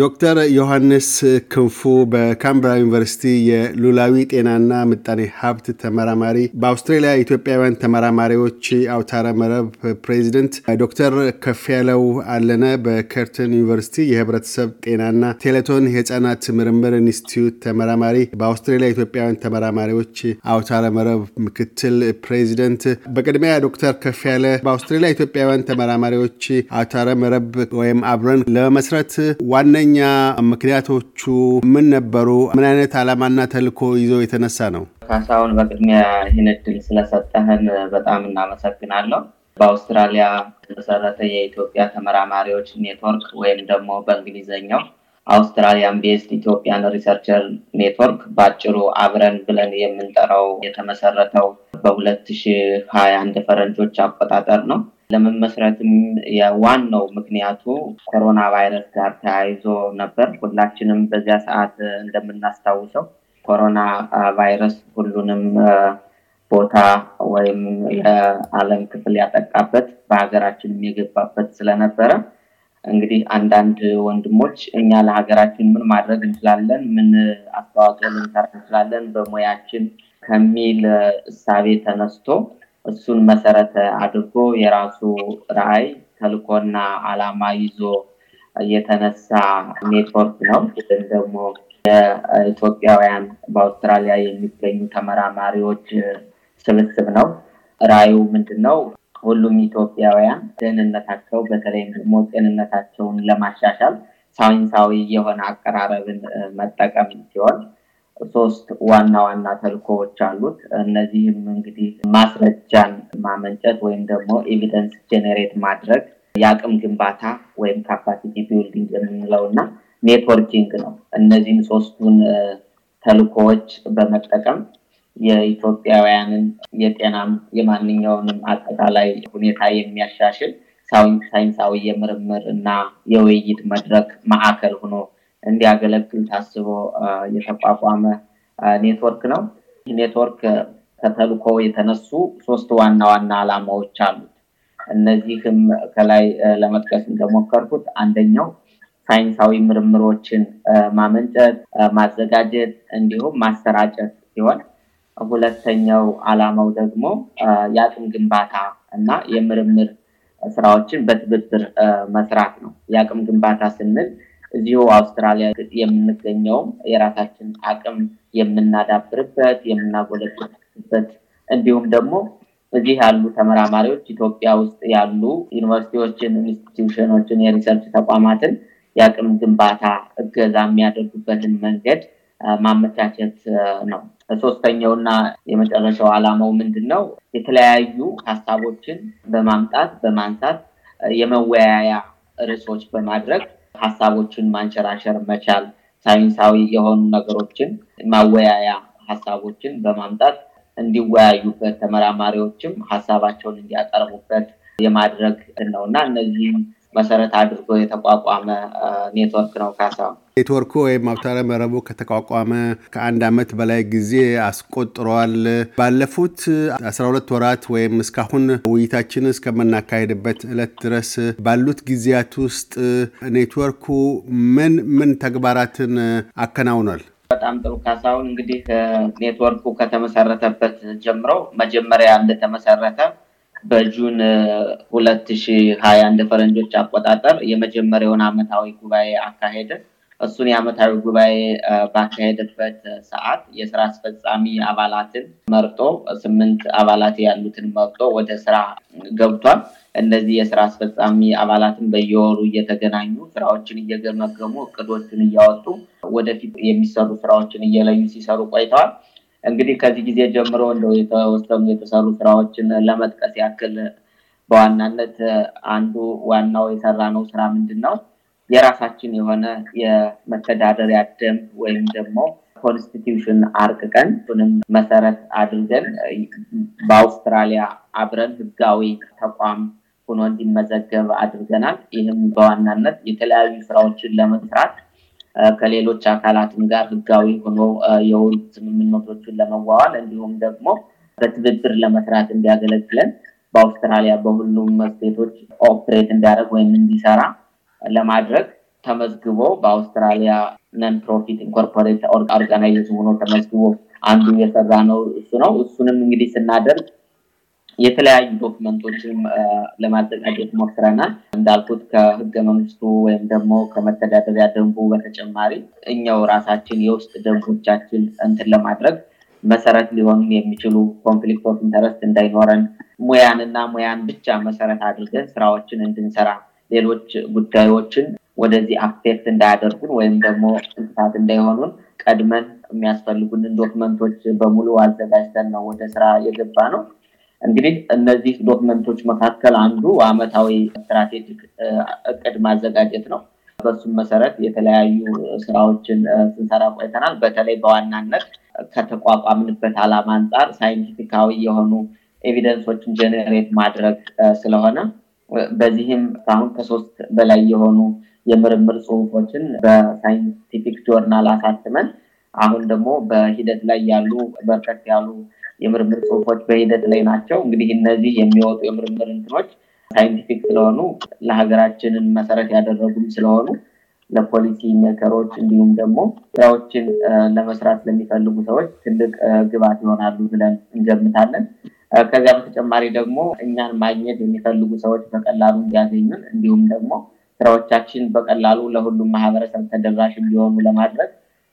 ዶክተር ዮሐንስ ክንፉ በካምብራ ዩኒቨርሲቲ የሉላዊ ጤናና ምጣኔ ሀብት ተመራማሪ፣ በአውስትሬሊያ ኢትዮጵያውያን ተመራማሪዎች አውታረ መረብ ፕሬዚደንት፣ ዶክተር ከፍ ያለው አለነ በከርተን ዩኒቨርሲቲ የህብረተሰብ ጤናና ቴሌቶን የህፃናት ምርምር ኢንስቲትዩት ተመራማሪ፣ በአውስትሬሊያ ኢትዮጵያውያን ተመራማሪዎች አውታረ መረብ ምክትል ፕሬዚደንት። በቅድሚያ ዶክተር ከፍ ያለ በአውስትራሊያ ኢትዮጵያውያን ተመራማሪዎች አውታረ መረብ ወይም አብረን ለመመስረት ዋና ዋነኛ ምክንያቶቹ ምን ነበሩ? ምን አይነት ዓላማና ተልእኮ ይዞ የተነሳ ነው? ካሳሁን፣ በቅድሚያ ይህን እድል ስለሰጠህን በጣም እናመሰግናለሁ። በአውስትራሊያ የተመሰረተ የኢትዮጵያ ተመራማሪዎች ኔትወርክ ወይም ደግሞ በእንግሊዝኛው አውስትራሊያን ቤስድ ኢትዮጵያን ሪሰርቸር ኔትወርክ በአጭሩ አብረን ብለን የምንጠራው የተመሰረተው በሁለት ሺህ ሀያ አንድ ፈረንጆች አቆጣጠር ነው። ለመመስረትም ዋናው ምክንያቱ ኮሮና ቫይረስ ጋር ተያይዞ ነበር። ሁላችንም በዚያ ሰዓት እንደምናስታውሰው ኮሮና ቫይረስ ሁሉንም ቦታ ወይም የዓለም ክፍል ያጠቃበት በሀገራችንም የገባበት ስለነበረ እንግዲህ አንዳንድ ወንድሞች እኛ ለሀገራችን ምን ማድረግ እንችላለን፣ ምን አስተዋጽኦ ልንሰራ እንችላለን በሙያችን ከሚል እሳቤ ተነስቶ እሱን መሰረተ አድርጎ የራሱ ራዕይ ተልኮና አላማ ይዞ የተነሳ ኔትወርክ ነው ግን ደግሞ የኢትዮጵያውያን በአውስትራሊያ የሚገኙ ተመራማሪዎች ስብስብ ነው ራዩ ምንድን ነው ሁሉም ኢትዮጵያውያን ደህንነታቸው በተለይም ደግሞ ጤንነታቸውን ለማሻሻል ሳይንሳዊ የሆነ አቀራረብን መጠቀም ሲሆን ሶስት ዋና ዋና ተልኮዎች አሉት። እነዚህም እንግዲህ ማስረጃን ማመንጨት ወይም ደግሞ ኤቪደንስ ጄኔሬት ማድረግ፣ የአቅም ግንባታ ወይም ካፓሲቲ ቢልዲንግ የምንለው እና ኔትወርኪንግ ነው። እነዚህም ሶስቱን ተልኮዎች በመጠቀም የኢትዮጵያውያንን የጤናም የማንኛውንም አጠቃላይ ሁኔታ የሚያሻሽል ሳይንሳዊ የምርምር እና የውይይት መድረክ ማዕከል ሆኖ እንዲያገለግል ታስቦ የተቋቋመ ኔትወርክ ነው። ይህ ኔትወርክ ከተልኮ የተነሱ ሶስት ዋና ዋና ዓላማዎች አሉት። እነዚህም ከላይ ለመጥቀስ እንደሞከርኩት አንደኛው ሳይንሳዊ ምርምሮችን ማመንጨት፣ ማዘጋጀት እንዲሁም ማሰራጨት ሲሆን ሁለተኛው ዓላማው ደግሞ የአቅም ግንባታ እና የምርምር ስራዎችን በትብብር መስራት ነው። የአቅም ግንባታ ስንል እዚሁ አውስትራሊያ የምንገኘውም የራሳችን አቅም የምናዳብርበት የምናጎለበት እንዲሁም ደግሞ እዚህ ያሉ ተመራማሪዎች ኢትዮጵያ ውስጥ ያሉ ዩኒቨርሲቲዎችን፣ ኢንስቲትዩሽኖችን፣ የሪሰርች ተቋማትን የአቅም ግንባታ እገዛ የሚያደርጉበትን መንገድ ማመቻቸት ነው። ሶስተኛውና የመጨረሻው አላማው ምንድን ነው? የተለያዩ ሀሳቦችን በማምጣት በማንሳት የመወያያ ርዕሶች በማድረግ ሀሳቦችን ማንሸራሸር መቻል፣ ሳይንሳዊ የሆኑ ነገሮችን ማወያያ ሀሳቦችን በማምጣት እንዲወያዩበት ተመራማሪዎችም ሀሳባቸውን እንዲያቀርቡበት የማድረግ ነው እና እነዚህም መሰረት አድርጎ የተቋቋመ ኔትወርክ ነው። ካሳሁን ኔትወርኩ ወይም አውታረ መረቡ ከተቋቋመ ከአንድ ዓመት በላይ ጊዜ አስቆጥረዋል። ባለፉት 12 ወራት ወይም እስካሁን ውይይታችን እስከምናካሄድበት ዕለት ድረስ ባሉት ጊዜያት ውስጥ ኔትወርኩ ምን ምን ተግባራትን አከናውኗል? በጣም ጥሩ ካሳሁን። እንግዲህ ኔትወርኩ ከተመሰረተበት ጀምሮ መጀመሪያ እንደተመሰረተ በጁን ሁለት እንደ ፈረንጆች አቆጣጠር የመጀመሪያውን አመታዊ ጉባኤ አካሄደ። እሱን የአመታዊ ጉባኤ ባካሄደበት ሰዓት የስራ አስፈጻሚ አባላትን መርጦ ስምንት አባላት ያሉትን መርጦ ወደ ስራ ገብቷል። እነዚህ የስራ አስፈጻሚ አባላትን በየወሩ እየተገናኙ ስራዎችን እየገመገሙ እቅዶችን እያወጡ ወደፊት የሚሰሩ ስራዎችን እየለዩ ሲሰሩ ቆይተዋል። እንግዲህ ከዚህ ጊዜ ጀምሮ እንደው የተወሰኑ የተሰሩ ስራዎችን ለመጥቀስ ያክል በዋናነት አንዱ ዋናው የሰራ ነው ስራ ምንድን ነው የራሳችን የሆነ የመተዳደሪያ ደንብ ወይም ደግሞ ኮንስቲቲዩሽን አርቅቀን ሁንም መሰረት አድርገን በአውስትራሊያ አብረን ህጋዊ ተቋም ሆኖ እንዲመዘገብ አድርገናል። ይህም በዋናነት የተለያዩ ስራዎችን ለመስራት ከሌሎች አካላትም ጋር ህጋዊ ሆኖ የውል ስምምነቶችን ለመዋዋል እንዲሁም ደግሞ በትብብር ለመስራት እንዲያገለግለን በአውስትራሊያ በሁሉም ስቴቶች ኦፕሬት እንዲያደርግ ወይም እንዲሰራ ለማድረግ ተመዝግቦ በአውስትራሊያ ነን ፕሮፊት ኢንኮርፖሬት ኦርጋናይዝ ሆኖ ተመዝግቦ አንዱ የሰራ ነው እሱ ነው። እሱንም እንግዲህ ስናደርግ የተለያዩ ዶክመንቶችን ለማዘጋጀት ሞክረናል። እንዳልኩት ከህገ መንግስቱ ወይም ደግሞ ከመተዳደሪያ ደንቡ በተጨማሪ እኛው ራሳችን የውስጥ ደንቦቻችን እንትን ለማድረግ መሰረት ሊሆኑ የሚችሉ ኮንፍሊክት ኦፍ ኢንተረስት እንዳይኖረን ሙያንና ሙያን ብቻ መሰረት አድርገን ስራዎችን እንድንሰራ ሌሎች ጉዳዮችን ወደዚህ አክሴፕት እንዳያደርጉን ወይም ደግሞ እንስሳት እንዳይሆኑን ቀድመን የሚያስፈልጉንን ዶክመንቶች በሙሉ አዘጋጅተን ነው ወደ ስራ የገባ ነው። እንግዲህ እነዚህ ዶክመንቶች መካከል አንዱ አመታዊ ስትራቴጂክ እቅድ ማዘጋጀት ነው። በሱም መሰረት የተለያዩ ስራዎችን ስንሰራ ቆይተናል። በተለይ በዋናነት ከተቋቋምንበት ዓላማ አንጻር ሳይንቲፊካዊ የሆኑ ኤቪደንሶችን ጀኔሬት ማድረግ ስለሆነ በዚህም አሁን ከሶስት በላይ የሆኑ የምርምር ጽሁፎችን በሳይንቲፊክ ጆርናል አሳትመን አሁን ደግሞ በሂደት ላይ ያሉ በርከት ያሉ የምርምር ጽሁፎች በሂደት ላይ ናቸው። እንግዲህ እነዚህ የሚወጡ የምርምር እንትኖች ሳይንቲፊክ ስለሆኑ ለሀገራችንን መሰረት ያደረጉም ስለሆኑ ለፖሊሲ ሜከሮች እንዲሁም ደግሞ ስራዎችን ለመስራት ለሚፈልጉ ሰዎች ትልቅ ግብዓት ይሆናሉ ብለን እንገምታለን። ከዚያ በተጨማሪ ደግሞ እኛን ማግኘት የሚፈልጉ ሰዎች በቀላሉ እንዲያገኙን እንዲሁም ደግሞ ስራዎቻችን በቀላሉ ለሁሉም ማህበረሰብ ተደራሽ እንዲሆኑ ለማድረግ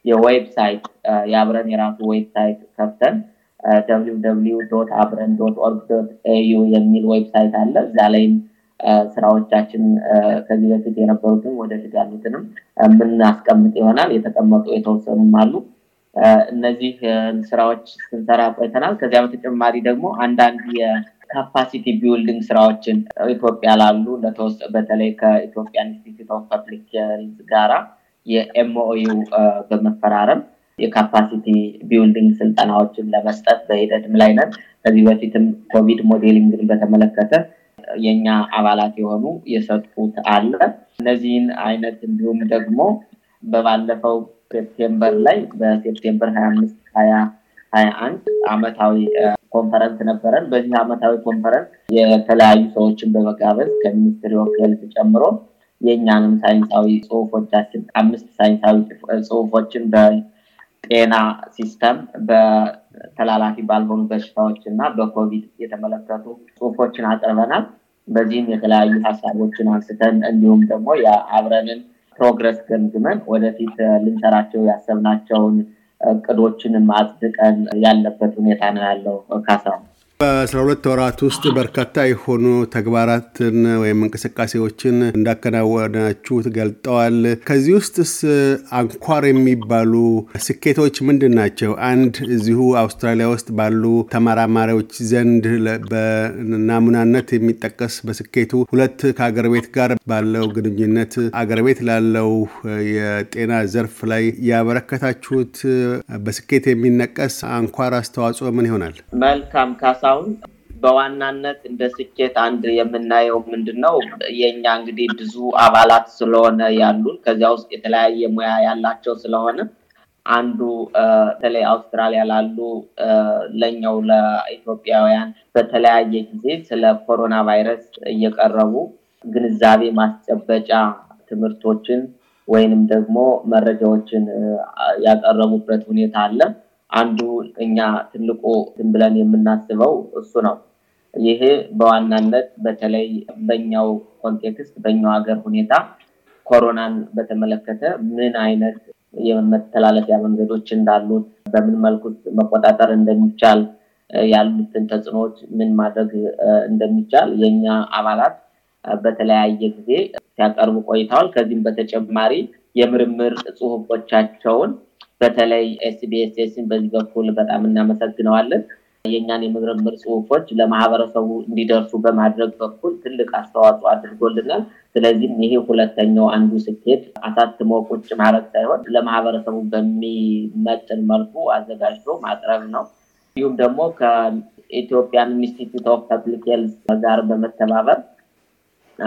የዌብሳይት የአብረን የራሱ ዌብሳይት ከፍተን www አብረን ኦርግ ኤዩ የሚል ዌብሳይት አለ እዛ ላይም ስራዎቻችን ከዚህ በፊት የነበሩትን ወደፊት ያሉትንም የምናስቀምጥ ይሆናል የተቀመጡ የተወሰኑም አሉ እነዚህ ስራዎች ስንሰራ ቆይተናል ከዚያ በተጨማሪ ደግሞ አንዳንድ የካፓሲቲ ቢውልዲንግ ስራዎችን ኢትዮጵያ ላሉ በተለይ ከኢትዮጵያ ኢንስቲትዩት ኦፍ ፐብሊክ ጋራ የኤምኦዩ በመፈራረም የካፓሲቲ ቢልዲንግ ስልጠናዎችን ለመስጠት በሂደትም ላይ ነን። ከዚህ በፊትም ኮቪድ ሞዴሊንግን በተመለከተ የእኛ አባላት የሆኑ የሰጡት አለ። እነዚህን አይነት እንዲሁም ደግሞ በባለፈው ሴፕቴምበር ላይ በሴፕቴምበር ሀያ አምስት ሀያ ሀያ አንድ አመታዊ ኮንፈረንስ ነበረን። በዚህ አመታዊ ኮንፈረንስ የተለያዩ ሰዎችን በመጋበዝ ከሚኒስትሪ ኦፍ ጨምሮ የእኛንም ሳይንሳዊ ጽሁፎቻችን አምስት ሳይንሳዊ ጽሁፎችን ጤና ሲስተም በተላላፊ ባልሆኑ በሽታዎች እና በኮቪድ የተመለከቱ ጽሁፎችን አቅርበናል። በዚህም የተለያዩ ሀሳቦችን አንስተን እንዲሁም ደግሞ የአብረንን ፕሮግረስ ገምግመን ወደፊት ልንሰራቸው ያሰብናቸውን እቅዶችንም አጽድቀን ያለበት ሁኔታ ነው ያለው ካሳ። በአስራ ሁለት ወራት ውስጥ በርካታ የሆኑ ተግባራትን ወይም እንቅስቃሴዎችን እንዳከናወናችሁ ገልጠዋል። ከዚህ ውስጥስ አንኳር የሚባሉ ስኬቶች ምንድን ናቸው? አንድ እዚሁ አውስትራሊያ ውስጥ ባሉ ተመራማሪዎች ዘንድ በናሙናነት የሚጠቀስ በስኬቱ፣ ሁለት ከአገር ቤት ጋር ባለው ግንኙነት አገር ቤት ላለው የጤና ዘርፍ ላይ ያበረከታችሁት በስኬት የሚነቀስ አንኳር አስተዋጽኦ ምን ይሆናል? መልካም ካሳ እስካሁን በዋናነት እንደ ስኬት አንድ የምናየው ምንድን ነው የእኛ እንግዲህ ብዙ አባላት ስለሆነ ያሉን ከዚያ ውስጥ የተለያየ ሙያ ያላቸው ስለሆነ አንዱ በተለይ አውስትራሊያ ላሉ ለኛው ለኢትዮጵያውያን በተለያየ ጊዜ ስለ ኮሮና ቫይረስ እየቀረቡ ግንዛቤ ማስጨበጫ ትምህርቶችን ወይንም ደግሞ መረጃዎችን ያቀረቡበት ሁኔታ አለ። አንዱ እኛ ትልቁ ብለን የምናስበው እሱ ነው። ይሄ በዋናነት በተለይ በኛው ኮንቴክስት በኛው ሀገር ሁኔታ ኮሮናን በተመለከተ ምን አይነት የመተላለፊያ መንገዶች እንዳሉት፣ በምን መልኩ መቆጣጠር እንደሚቻል ያሉትን ተጽዕኖዎች ምን ማድረግ እንደሚቻል የእኛ አባላት በተለያየ ጊዜ ሲያቀርቡ ቆይተዋል። ከዚህም በተጨማሪ የምርምር ጽሁፎቻቸውን በተለይ ኤስቢኤስኤስን በዚህ በኩል በጣም እናመሰግነዋለን። የእኛን የምርምር ጽሁፎች ለማህበረሰቡ እንዲደርሱ በማድረግ በኩል ትልቅ አስተዋጽኦ አድርጎልናል። ስለዚህም ይሄ ሁለተኛው አንዱ ስኬት አሳትሞ ቁጭ ማድረግ ሳይሆን ለማህበረሰቡ በሚመጥን መልኩ አዘጋጅቶ ማቅረብ ነው። እንዲሁም ደግሞ ከኢትዮጵያን ኢንስቲትዩት ኦፍ ፐብሊክ ጋር በመተባበር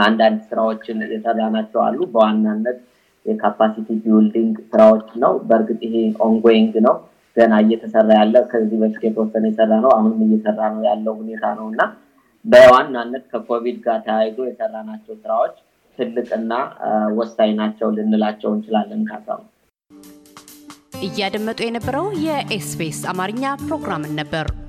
አንዳንድ ስራዎችን የሰራናቸው አሉ በዋናነት የካፓሲቲ ቢውልዲንግ ስራዎች ነው። በእርግጥ ይሄ ኦንጎይንግ ነው፣ ገና እየተሰራ ያለ ከዚህ በፊት የተወሰነ የሰራ ነው፣ አሁንም እየሰራ ነው ያለው ሁኔታ ነው እና በዋናነት ከኮቪድ ጋር ተያይዞ የሰራናቸው ስራዎች ትልቅና ወሳኝ ናቸው ልንላቸው እንችላለን። ካሳው እያደመጡ የነበረው የኤስቢኤስ አማርኛ ፕሮግራምን ነበር።